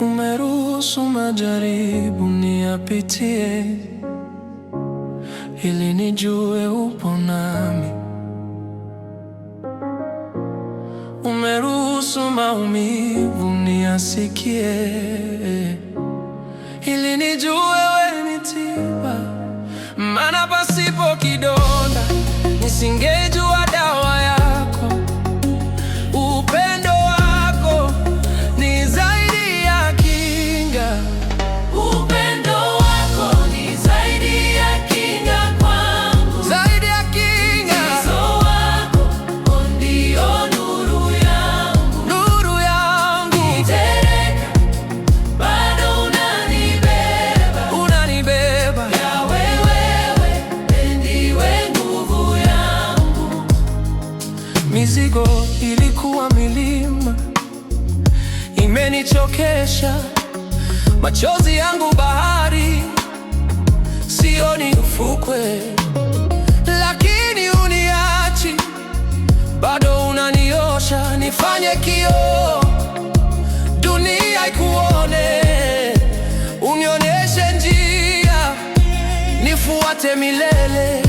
umeruhusu majaribu niyapitie, ili nijue upo nami. Umeruhusu maumivu niyasikie, ili nijue wewe ni tiba, maana pasipo Mizigo ilikuwa milima, imenichokesha machozi yangu bahari, sioni ufukwe, lakini uniachi bado unaniosha, nifanye kio dunia ikuone, unionyeshe njia nifuate milele.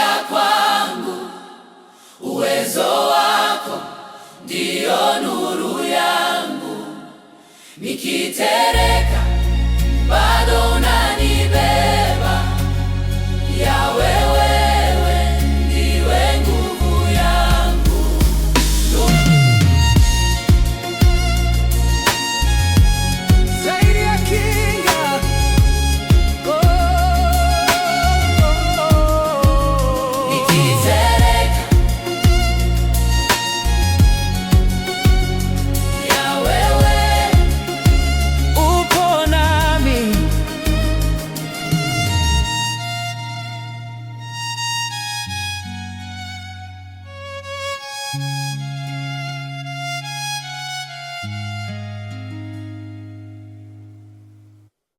kupenda kwangu. Uwezo wako ndiyo nuru yangu nikiteremka